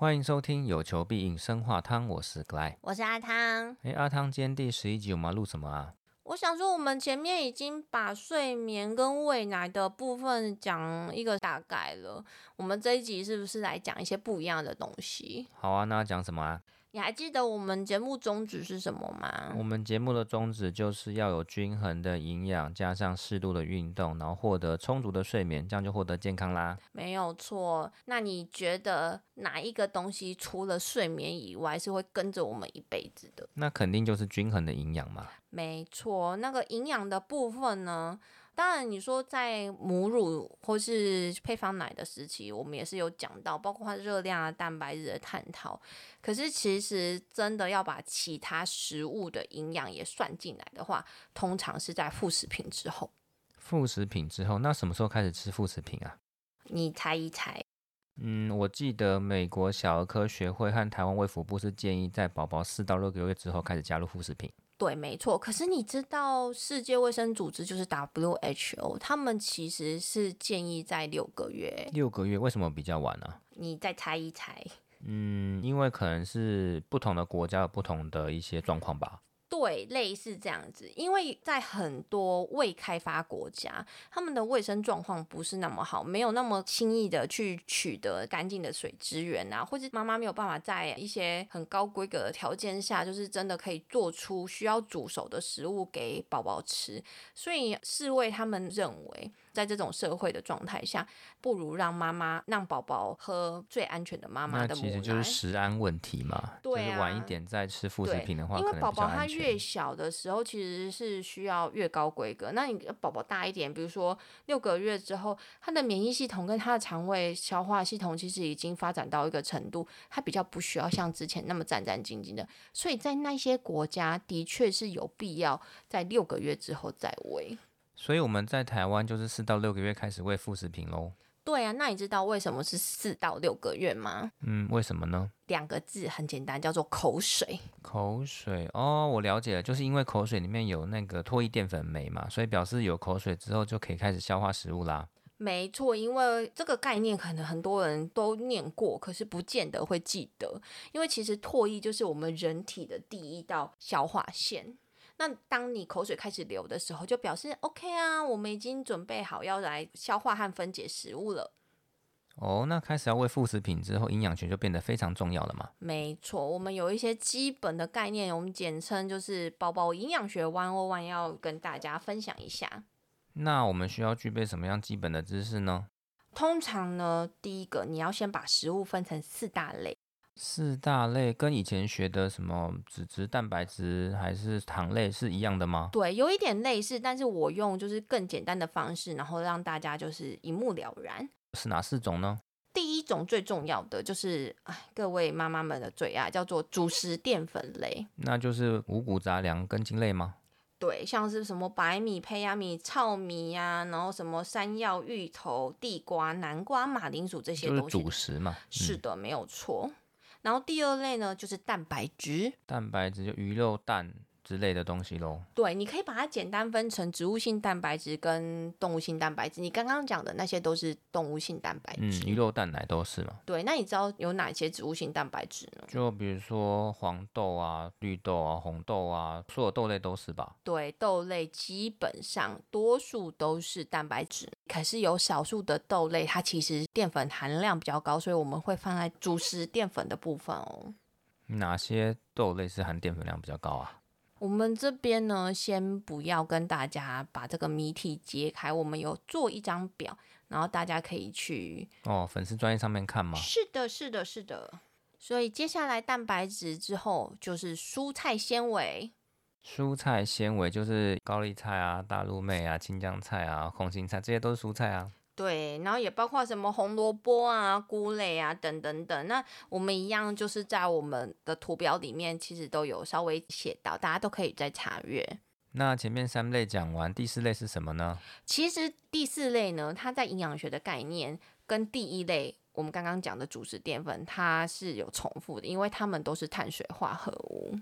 歡迎收聽《有求必應生化湯》，我是 Gly，我是阿湯。誒，阿湯，今天第十一集我們錄什麼啊？我想說，我們前面已經把睡眠跟餵奶的部分講一個大概了，我們這一集是不是來講一些不一樣的東西？好啊，那要講什麼啊？你還記得我們節目宗旨是什麼嗎？我們節目的宗旨就是要有均衡的營養，加上適度的運動，然後獲得充足的睡眠，這樣就獲得健康啦。沒有錯，那你覺得哪一個東西除了睡眠以外，是會跟着我們一輩子的？那肯定就是均衡的營養嘛。沒錯，那個營養的部分呢？當然，你說在母乳或是配方奶的時期，我們也是有講到，包括熱量啊、蛋白質的探討。可是，其實真的要把其他食物的營養也算進來的話，通常是在副食品之後。副食品之後，那什麼時候開始吃副食品啊？你猜一猜。嗯，我記得美國小兒科學會和台灣衛福部是建議在寶寶四到六個月之後開始加入副食品。對，沒錯。可是你知道世界衛生組織就是 WHO，他們其實是建議在六個月。六個月為什麼比較晚呢？你再猜一猜。嗯，因為可能是不同的國家有不同的一些狀況吧。對，類似這樣子，因為在很多未開發國家，他們的衛生狀況不是那麼好，沒有那麼輕易的去取得乾淨的水資源啊，或是媽媽沒有辦法在一些很高規格的條件下，就是真的可以做出需要煮熟的食物給寶寶吃，所以世衛他們認為。在這種社會的狀態下，不如讓媽媽讓寶寶喝最安全的媽媽的母奶。那其實就是食安問題嘛。對啊。就是晚一點再吃副食品的話，因為寶寶他越小的時候其實是需要越高規格。那你寶寶大一點，比如說六個月之後，他的免疫系統跟他的腸胃消化系統其實已經發展到一個程度，他比較不需要像之前那麼戰戰兢兢的。所以在那些國家，的確是有必要在六個月之後再餵。所以我們在台灣就是四到六個月開始餵副食品嘍。對啊，那你知道為什麼是四到六個月嗎？嗯，為什麼呢？兩個字很簡單，叫做口水。口水哦，我了解了，就是因為口水裡面有那個唾液澱粉酶嘛，所以表示有口水之後就可以開始消化食物啦。沒錯，因為這個概念可能很多人都念過，可是不見得會記得，因為其實唾液就是我們人體的第一道消化腺。那當你口水開始流的時候，就表示 OK 啊，我們已經準備好要來消化和分解食物了。哦，那開始要餵副食品之後，營養學就變得非常重要了嗎？沒錯，我們有一些基本的概念，我們簡稱就是寶寶營養學 one on one，要跟大家分享一下。那我們需要具備什麼樣基本的知識呢？通常呢，第一個你要先把食物分成四大類。四大類跟以前學的什麼脂質、蛋白質還是糖類是一樣的嗎？對，有一點類似，但是我用就是更簡單的方式，然後讓大家就是一目了然。是哪四種呢？第一種最重要的就是唉各位媽媽們的最愛、啊，叫做主食澱粉類。那就是五穀雜糧跟莖類嗎？對，像是什麼白米、胚芽米、糙米呀、啊，然後什麼山藥、芋頭、地瓜、南瓜、馬鈴薯這些東西。就是主食嘛。嗯、是的，沒有錯。然後第二類呢，就是蛋白質。蛋白質就魚肉、蛋。之類的東西嘍。對，你可以把它簡單分成植物性蛋白質跟動物性蛋白質。你剛剛講的那些都是動物性蛋白質，嗯，魚肉、蛋奶都是嘛。對，那你知道有哪些植物性蛋白質呢？就比如說黃豆啊、綠豆啊、紅豆啊，所有豆類都是吧？對，豆類基本上多數都是蛋白質，可是有少數的豆類它其實澱粉含量比較高，所以我們會放在主食澱粉的部分哦。哪些豆類是含澱粉量比較高啊？我們這邊呢，先不要跟大家把這個謎題揭開。我們有做一張表，然後大家可以去哦，粉絲專頁上面看嘛。是的，是的，是的。所以接下來蛋白質之後就是蔬菜纖維。蔬菜纖維就是高麗菜啊、大陸妹啊、青江菜啊、空心菜，這些都是蔬菜啊。對，然後也包括什麼紅蘿蔔啊、菇類啊等等等。那我們一樣就是在我們的圖表裡面，其實都有稍微寫到，大家都可以再查閱。那前面三類講完，第四類是什麼呢？其實第四類呢，它在營養學的概念跟第一類我們剛剛講的主食澱粉，它是有重複的，因為它們都是碳水化合物。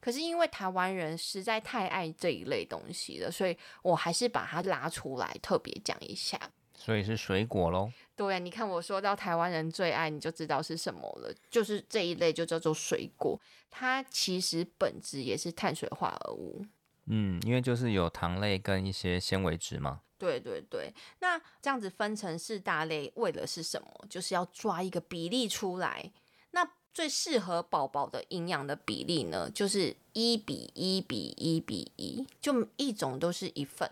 可是因為台灣人實在太愛這一類東西了，所以我還是把它拉出來特別講一下。所以是水果嘍？對，你看我說到台灣人最愛，你就知道是什麼了。就是這一類就叫做水果，它其實本質也是碳水化合物。嗯，因為就是有糖類跟一些纖維質嘛。對對對，那這樣子分成四大類，為了是什麼？就是要抓一個比例出來。那最適合寶寶的營養的比例呢？就是一比一比一比一，就一種都是一份。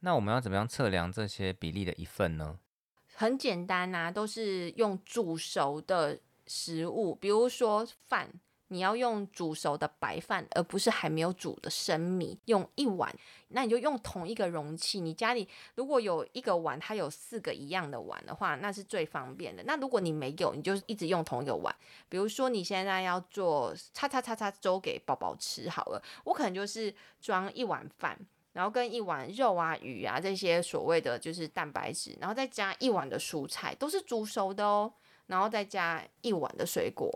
那我們要怎麼樣測量這些比例的一份呢？很簡單吶、啊，都是用煮熟的食物，比如說飯，你要用煮熟的白飯，而不是還沒有煮的生米。用一碗，那你就用同一個容器。你家裡如果有一個碗，它有四個一樣的碗的話，那是最方便的。那如果你沒有，你就一直用同一個碗。比如說你現在要做叉叉叉叉粥給寶寶吃好了，我可能就是裝一碗飯。然後跟一碗肉啊、魚啊這些所謂的就是蛋白質，然後再加一碗的蔬菜，都是煮熟的哦。然後再加一碗的水果，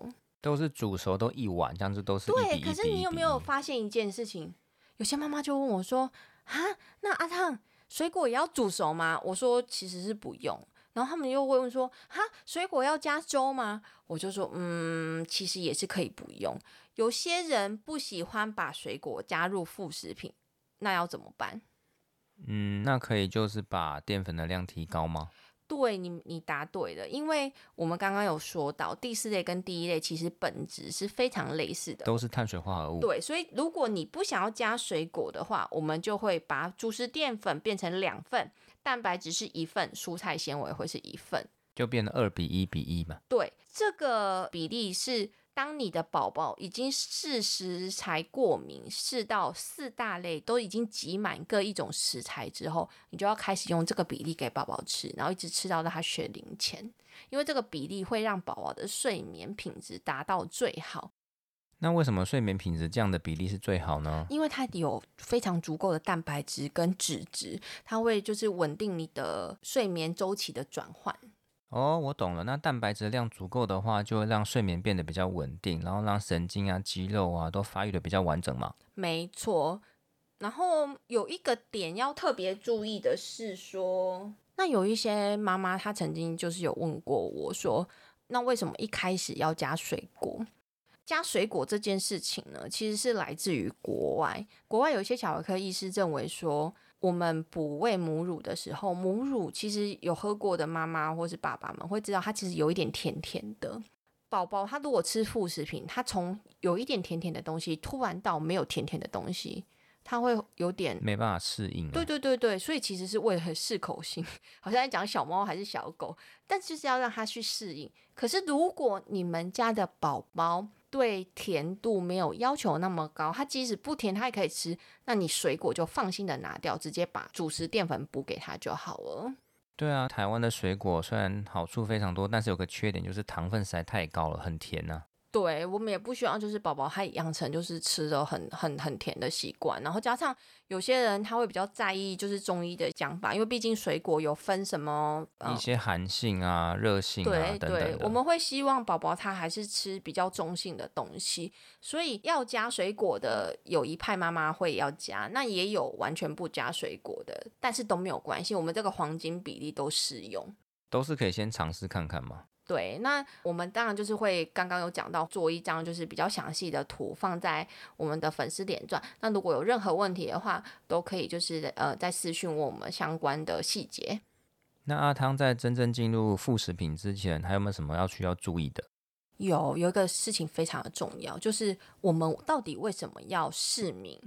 都是煮熟都一碗這樣子都是1比1比1比1。對，可是你有沒有發現一件事情？有些媽媽就問我說：“哈，那阿湯水果也要煮熟嗎？”我說：“其實是不用。”然後他們又會問我說：“哈，水果要加粥嗎？”我就說：“嗯，其實也是可以不用。有些人不喜歡把水果加入副食品。”那要怎麼辦？嗯，那可以就是把澱粉的量提高嗎？嗯、對你，你答對了，因為我們剛剛有說到第四類跟第一類其實本質是非常類似的，都是碳水化合物。對，所以如果你不想要加水果的話，我們就會把主食澱粉變成兩份，蛋白質是一份，蔬菜纖維會是一份，就變成二比一比一嘛。對，這個比例是，當你的寶寶已經試食材過敏，試到四大類都已經集滿各一種食材之後，你就要開始用這個比例給寶寶吃，然後一直吃到他學齡前。因為這個比例會讓寶寶的睡眠品質達到最好。那為什麼睡眠品質這樣的比例是最好呢？因為它有非常足夠的蛋白質跟脂質，它會就是穩定你的睡眠週期的轉換。哦，oh, 我懂了。那蛋白質量足夠的話，就會讓睡眠變得比較穩定，然後讓神經啊、肌肉啊都發育得比較完整嘛。沒錯。然後有一個點要特別注意的是說，說那有一些媽媽她曾經就是有問過我說，那為什麼一開始要加水果？加水果這件事情呢，其實是來自於國外。國外有一些小兒科醫師認為說。我們哺餵母乳的時候，母乳其實有喝過的媽媽或是爸爸們會知道，它其實有一點甜甜的。寶寶他如果吃副食品，他從有一點甜甜的東西突然到沒有甜甜的東西，他會有點沒辦法適應啊。對對對對，所以其實是為了適口性，好像在講小貓還是小狗，但就是要讓他去適應。可是如果你們家的寶寶，對甜度沒有要求那麼高，它即使不甜，它也可以吃。那你水果就放心的拿掉，直接把主食澱粉補給它就好了。對啊，台灣的水果雖然好處非常多，但是有個缺點就是糖分實在太高了，很甜吶啊。對，我們也不希望就是寶寶他養成就是吃的很很很甜的習慣，然後加上有些人他會比較在意就是中醫的講法，因為畢竟水果有分什麼、嗯、一些寒性啊、熱性啊對，等等，對，我們會希望寶寶他還是吃比較中性的東西，所以要加水果的有一派媽媽會要加，那也有完全不加水果的，但是都沒有關係，我們這個黃金比例都適用，都是可以先嘗試看看嘛。對，那我們當然就是會剛剛有講到做一張就是比較詳細的圖放在我們的粉絲點轉。那如果有任何問題的話，都可以就是呃在私訊問我們相關的細節。那阿湯在真正進入副食品之前，還有沒有什麼要需要注意的？有，有一個事情非常的重要，就是我們到底為什麼要試敏？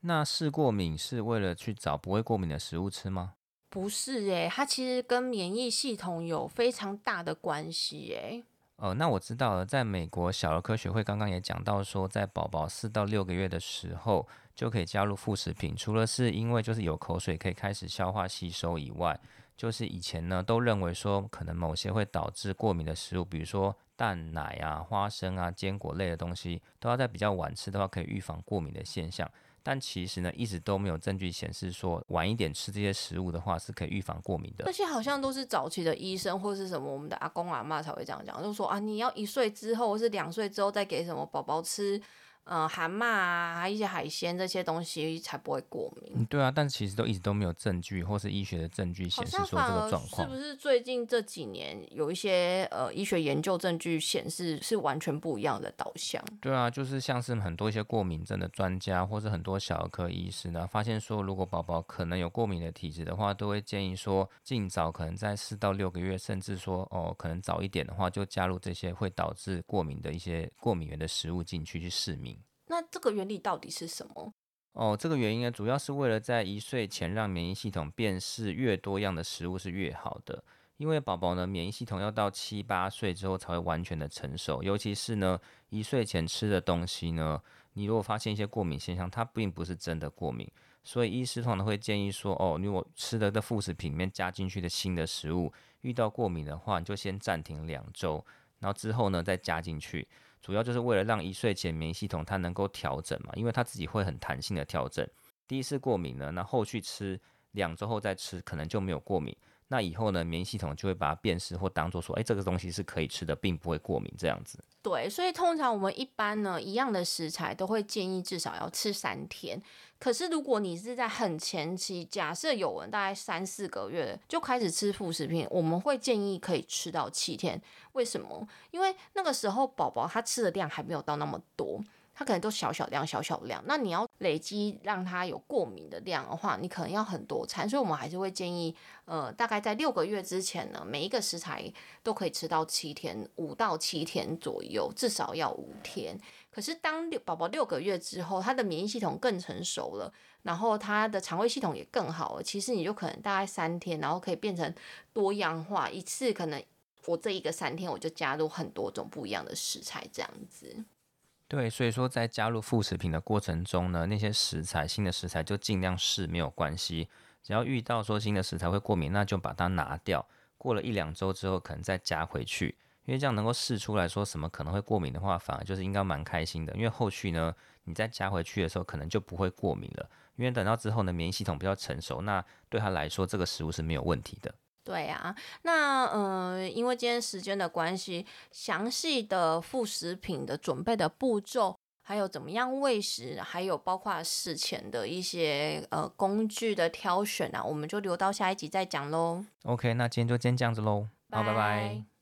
那試過敏是為了去找不會過敏的食物吃嗎？不是誒、欸，它其實跟免疫系統有非常大的關係誒、欸。哦、呃，那我知道了，在美國小兒科學會剛剛也講到說，在寶寶四到六個月的時候就可以加入副食品，除了是因為就是有口水可以開始消化吸收以外，就是以前呢都認為說可能某些會導致過敏的食物，比如說蛋奶啊、花生啊、堅果類的東西，都要在比較晚吃的話可以預防過敏的現象。但其實呢，一直都沒有證據顯示說晚一點吃這些食物的話是可以預防過敏的。而且好像都是早期的醫生或者是什麼我們的阿公阿嬤才會這樣講，就說啊，你要一歲之後或是兩歲之後再給什麼寶寶吃。呃，蛤蟆啊，一些海鮮這些東西才不會過敏。嗯，對啊，但其實都一直都沒有證據，或是醫學的證據顯示說這個狀況是不是最近這幾年有一些呃醫學研究證據顯示是完全不一樣的導向。對啊，就是像是很多一些過敏症的專家，或是很多小兒科醫師呢，發現說如果寶寶可能有過敏的體質的話，都會建議說儘早可能在四到六個月，甚至說哦可能早一點的話，就加入這些會導致過敏的一些過敏原的食物進去去試敏。那這個原理到底是什麼？哦，這個原因呢，主要是為了在一歲前讓免疫系統辨識越多樣的食物是越好的，因為寶寶呢免疫系統要到七八歲之後才會完全的成熟，尤其是呢一歲前吃的東西呢，你如果發現一些過敏現象，它並不是真的過敏，所以醫師通常會建議說，哦，你如果吃的的副食品裡面加進去的新的食物，遇到過敏的話，你就先暫停兩週，然後之後呢再加進去。主要就是為了讓一歲前免疫系統它能夠調整嘛，因為它自己會很彈性的調整。第一次過敏呢，那後續吃兩周後再吃，可能就沒有過敏。那以後呢，免疫系統就會把它辨識或當做說，哎，這個東西是可以吃的，並不會過敏這樣子。對，所以通常我們一般呢，一樣的食材都會建議至少要吃三天。可是如果你是在很前期，假設有人大概三四個月就開始吃副食品，我們會建議可以吃到七天。為什麼？因為那個時候寶寶他吃的量還沒有到那麼多。它可能都小小量，小小量。那你要累積讓它有過敏的量的話，你可能要很多餐。所以我們還是會建議，呃，大概在六個月之前呢，每一個食材都可以吃到七天，五到七天左右，至少要五天。可是當六寶寶六個月之後，他的免疫系統更成熟了，然後他的腸胃系統也更好了。其實你就可能大概三天，然後可以變成多樣化一次。可能我這一個三天，我就加入很多種不一樣的食材，這樣子。對，所以說在加入副食品的過程中呢，那些食材新的食材就儘量試沒有關係，只要遇到說新的食材會過敏，那就把它拿掉。過了一兩周之後，可能再加回去，因為這樣能夠試出來說什麼可能會過敏的話，反而就是應該蠻開心的，因為後續呢，你再加回去的時候，可能就不會過敏了。因為等到之後呢，免疫系統比較成熟，那對他來說這個食物是沒有問題的。對呀、啊，那呃，因為今天時間的關係，詳細的副食品的準備的步驟，還有怎麼樣餵食，還有包括事前的一些呃工具的挑選啊，我們就留到下一集再講嘍。OK，那今天就先這樣子嘍，好，bye bye 拜拜。